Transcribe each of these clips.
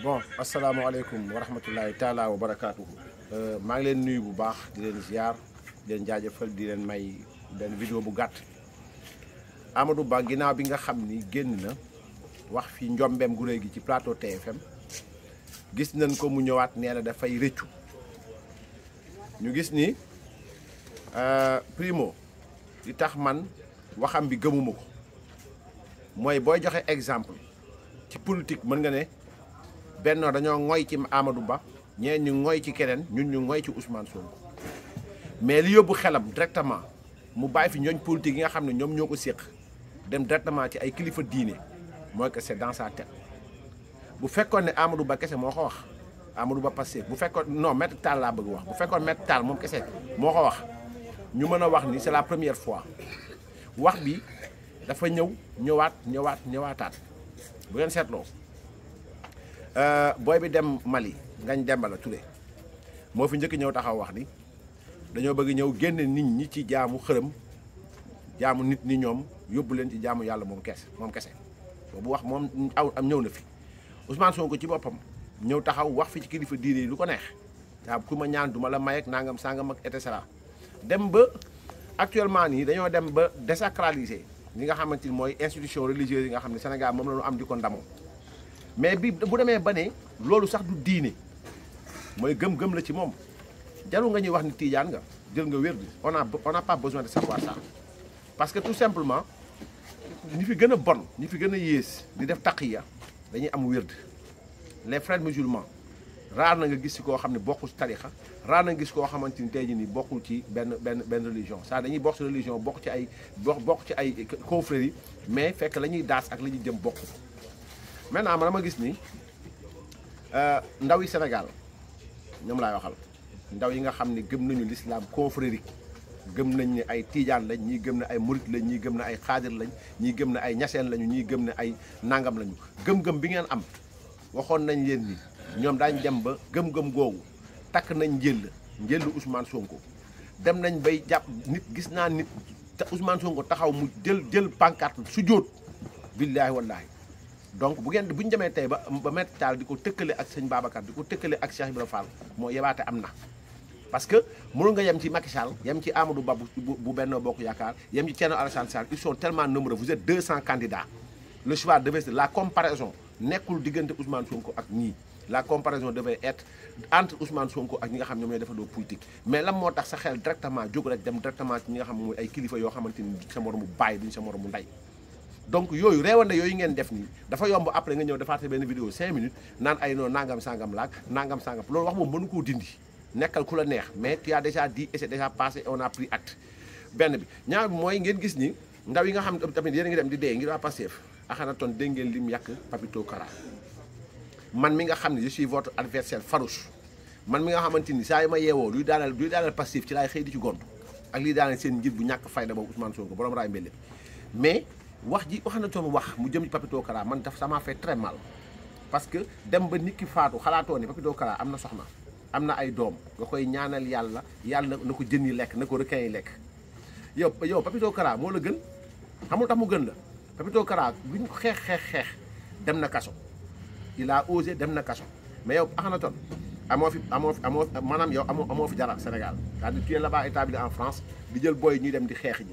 bon asalaamaaleykum wa rahmatullahi taala wa euh ma ngi len nuyu bu baax di len ziar di len jaajeufal di len may ben video bu gatt Amadou Ba ginaaw bi nga xamni genn na wax fi njombem gu réy gi ci plateau TFM gis nañ ko mu ñëwaat neena da fay reccu ñu gis ni euh, primo di tax man waxam bi gëmuma moy boy joxe exemple ci politique man nga ne Benno dañoo ngoy ci Amadou Ba ñeen ñu ngoy ci keneen ñun ñu ngoy ci Ousmane Sonko mais li yóbbu xelam directement mu bàyyi fi ñooñ politique yi nga xam ne ñoom ñoo ko séq dem directement ci ay kilifa diine mooy que c'est dans sa tête bu fekkoon ne Amadou Ba kese moo ko wax Amadou Ba passé bu fekkoon non Maître Tall laa bëgg wax bu fekkoon Maître Tall moom kese moo ko wax ñu mën a wax ni c'est la première fois wax bi dafa ñëw ñëwaat ñëwaat ñëwaataat bu ngeen seetloo. Euh, booy bi dem Mali ngañ Demba Touré moo fi njëkk ñëw taxaw wax ni dañoo bëgg ñëw génne nit ñi ci jaamu xërëm jaamu nit ñi ñoom yóbbu leen ci jaamu yàlla moom kees moom kese boobu wax moom aw am ñëw na fi Ousmane ko ci boppam ñëw taxaw wax fi ci kilifa diine yi lu ko neex waaw ku ma ñaan duma la may ak nangam sangam ak et dem ba actuellement nii dañoo dem ba désacraliser li nga xamante ni mooy institution religieuse yi nga xam ne Sénégal moom la am di ko ndamoo mais bi bu demee ba ne loolu sax du diine mooy gëm-gëm la ci moom jarul nga ñuy wax ni tiijaan nga jël nga wér di on a on a pas besoin de savoir ça parce que tout simplement ñi fi gën a bon ñi fi gën a yées di def taqiya dañuy am wérd les frères musulmans raar na nga gis ci koo xam ne bokkul ci tarixa raar na nga gis koo xamante ni tey jii nii bokkul ci benn benn benn religion ça dañuy bokk ci religion bokk ci ay bokk ci ay confréries mais fekk la ñuy daas ak la ñuy jëm bokk maintenant man ma gis ni euh, ndaw yi Sénégal ñoom lay waxal ndaw yi nga xam ne gëm nañu l'islam confrérique gëm nañ ne ay tiijaan lañ ñii gëm ne ay murit lañ ñii gëm ne ay xaadir lañ ñii gëm ne ay ñaseen lañu ñii gëm ne ay nangam lañu gëm-gëm bi ngeen am waxoon nañ leen ni ñoom daañ dem ba gëm-gëm googu takk nañ njëll njëllu usmaan Sonko dem nañ bay jàpp nit gis naa nit Ousmane Sonko taxaw mu jël jël pancarte su jóot billaahi wallaahi donc bu ngeen bu ñu demee tey ba ba Maître Tall di ko tëkkale ak sëñ Babacar di ko tëkkale ak Cheikh Ibrahima Fall moo yebaate am na. parce que mënul nga yem ci Macky Sall yem ci Amadou Ba bu bu Bokk Yaakaar yem ci Thierno Alassane Sall ils sont tellement nombreux vous êtes 200 candidats le choix devait la comparaison nekkul diggante Ousmane Sonko ak ñii. la comparaison devait être entre Ousmane Sonko ak ñi nga xam ñoom ñooy defandoo politique mais lan moo tax sa xel directement jóg rek dem directement ci kilifa yoo xamante ni sa moromu baay duñ donc yooyu reewande yooyu ngeen def nii dafa yomb après nga ñëw defaate benn vidéo 5 minutes naan ay noonu nangam sangam laak nangam sangam loolu wax moom mënu koo dindi nekkal ku la neex mais tu as déjà dit et c'est déjà passé on a pris acte benn bi ñaar bi mooy ngeen gis ni ndaw yi nga xam tamit yéen a ngi dem di dee ngir waa ah, ngeen lim yàq Papito Kara mi nga xam ne je suis votre adversaire man mi nga xamante ni saa yi ma yeewoo luy daanal luy daanal Pastef ci laay xëy di ci gont ak liy daanal seen njiit bu ñàkk fayda boobu Ousmane Sonko borom raay mbelle mais wax ji wax na coon wax mu jëm ci Papito karaa man daf sama fait très mal parce que dem ba nikki ki faatu xalaatoo ne Papito karaa am na soxna am na ay doom nga koy ñaanal yàlla yàlla na ko jën yi lekk na ko requin yi lekk yow yow Papito karaa moo la gën xamul tax mu gën la Papito Kara buñ xeex xeex xeex dem na kaso il a dem na kaso mais yow Akhenaton amoo fi amoo fi amoo maanaam yow amoo amoo fi dara Sénégal c'est-à-dire tu es là en France di jël booy ñuy dem di xeex ji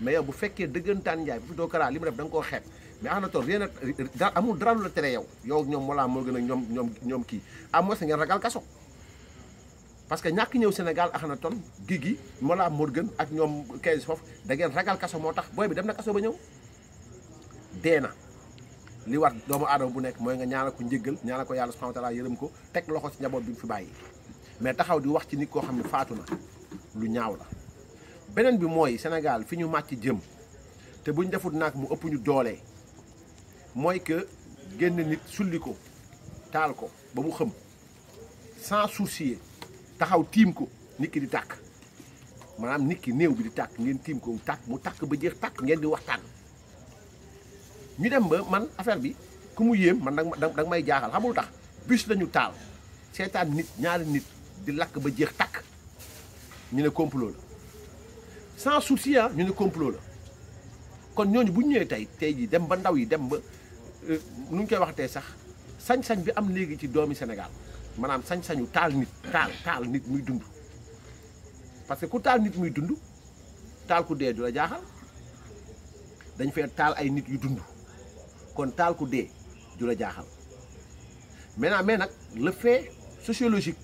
mais yow bu fekke deugentane nday bu doo karaa li def dang ko xet xeeb mais Akhenaton rien dara amul dara lu téré yow yow ñom ñoom Mollah Morgun ak ñom ñom ñoom kii à moins ragal kasso parce que ñak ñew Sénégal Akhenaton Guigui mo gën ak ñom 15 fof da ngeen ragal kasso motax boy bi dem na kasso ba ñew déna li war doomu adam bu nek moy nga ñaanal ko ñeegal ñaanal ko yalla subhanahu wa taala yërëm ko tek loxo ci njaboot bi fi bayyi mais taxaw di wax ci nit ko xamni fatuna lu ñaaw la benen bi moy senegal fiñu ñu jëm te buñ defut nak mu ëpp ñu doolé moy que génn nit sulli ko taal ko ba mu xëm sans soucier taxaw tim ko nit ki di tak manam nit ki bi di tak ngeen tim ko tak mu tak ba jeex tak ngeen di waxtan ñu dem ba man affaire bi ku mu yem man nag dang may jaaxal xamul tax bis lañu tal seetaan nit ñaari nit di lak ba jeex tak ñu ne complot la sans souci nous hein, ñu ne complot nous kon ñooñu bu ñu ñëwee tey tey dem ba ndaw yi dem ba euh, ñu sax sañ-sañ bi am ci doomi Sénégal maanaam sañ-sañu parce que ku nit muy dund taal ku dé du la dañ taal ay nit yu dund kon du mais le fait sociologique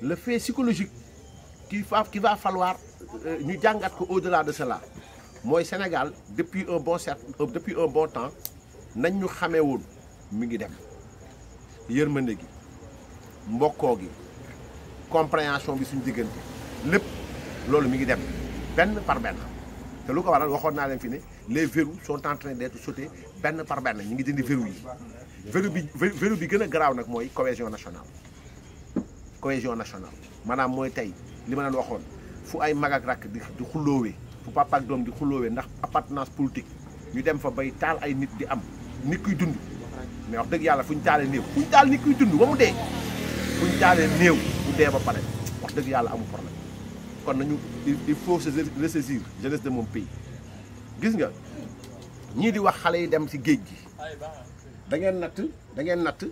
le fait psychologique qu'il va, falloir euh, nous nous au-delà de cela Sénégal depuis un bon euh, depuis un bon temps nous avons compréhension mi dem par les verrous sont en train d'être sautés benn par benn Ñi ngi verrou verrou bi cohésion nationale cohésion nationale nous moy li ma leen waxoon fu ay mag ak rakk di di xulloowee fu papa ak doom di xulloowee ndax appartenance politique ñu dem fa bay taal ay nit di am nit kuy dund mais wax dëgg yàlla fu ñu taalee néew fu ñu taal nit kuy dund ba mu dee fu ñu taalee néew bu dee ba pare wax dëgg yàlla amul problème kon nañu il faut se ressaisir jeunesse de mon pays gis nga ñii di wax xale yi dem ci géej gi da ngeen natt da ngeen natt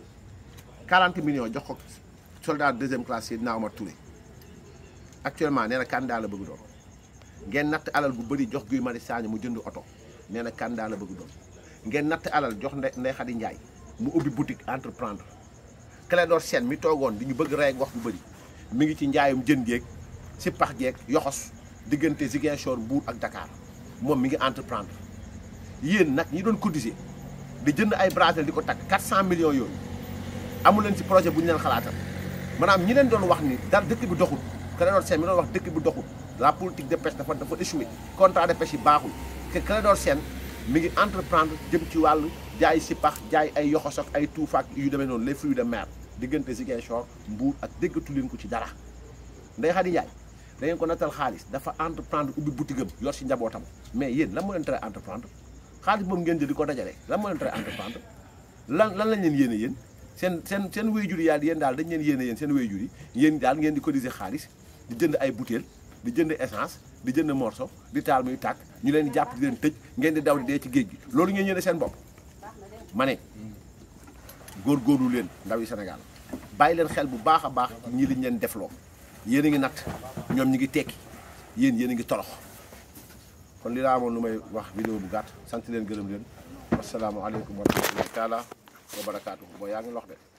40 millions jox ko soldaar deuxième classe yi Naouma actuellement nee na candidat la bëgg doon ngeen natt alal gu bëri jox Guy Marius Sagna mu jënd oto nee na candidat la bëgg doon ngeen natt alal jox Ndeye Khady Ndiaye mu ubbi boutique entreprendre Clédor seen mi toogoon di ñu bëgg rey wax bu bëri mi ngi ci njaayum jën geeg si pax geeg yoxos diggante Ziguinchor Mbour ak dakaar moom mi ngi entreprendre yéen nag ñi doon cotiser di jënd ay bracelet di ko takk 400 millions yooyu amu leen si projet bu ñu leen xalaatal maanaam ñi leen doon wax ni dara dëkk doxul Clédor Sène mi doon wax dëkk bi doxul la politique de pêche dafa dafa échoué contrat de pêche yi baaxul que Clédor Sène mi ngi entreprendre jëm ci wàllu jaay si pax jaay ay yoxosok ay tuufaak yu demee noonu les fruits de mer diggante shor Mbour ak déggatu leen ko ci dara Ndeye Khady Ndiaye da ngeen ko nattal xaalis dafa entreprendre ubbi boutique am yor si njabootam mais yéen lan moo leen tere entreprendre xaalis boobu ngeen jël di ko dajale lan moo leen tere entreprendre lan lan lañ leen yéene yéen seen seen seen wéyjur yi yàlla yéen daal dañ leen yéene yéen seen wéyjur yi yéen ngeen di cotiser xaalis di jënd ay butéel di jënd essence di jënd morso di taal muy tàkk ñi leen di jàpp di leen tëj ngeen di daw di dee ci géej gi loolu ngeen yéene seen bopp ma ne góorgóorlu leen ndaw yi Sénégal bàyyi leen xel bu baax a baax ñi liñ leen defloo yéen a ngi nat ñoom ñi ngi tekki yéen yéen a ngi torox kon li laa amoon lu may wax vidéo bu gàtt sant leen gërëm leen wasalaamaaleykum wa rahmatullahi taala wa barakaatu boo yaa ngi lox de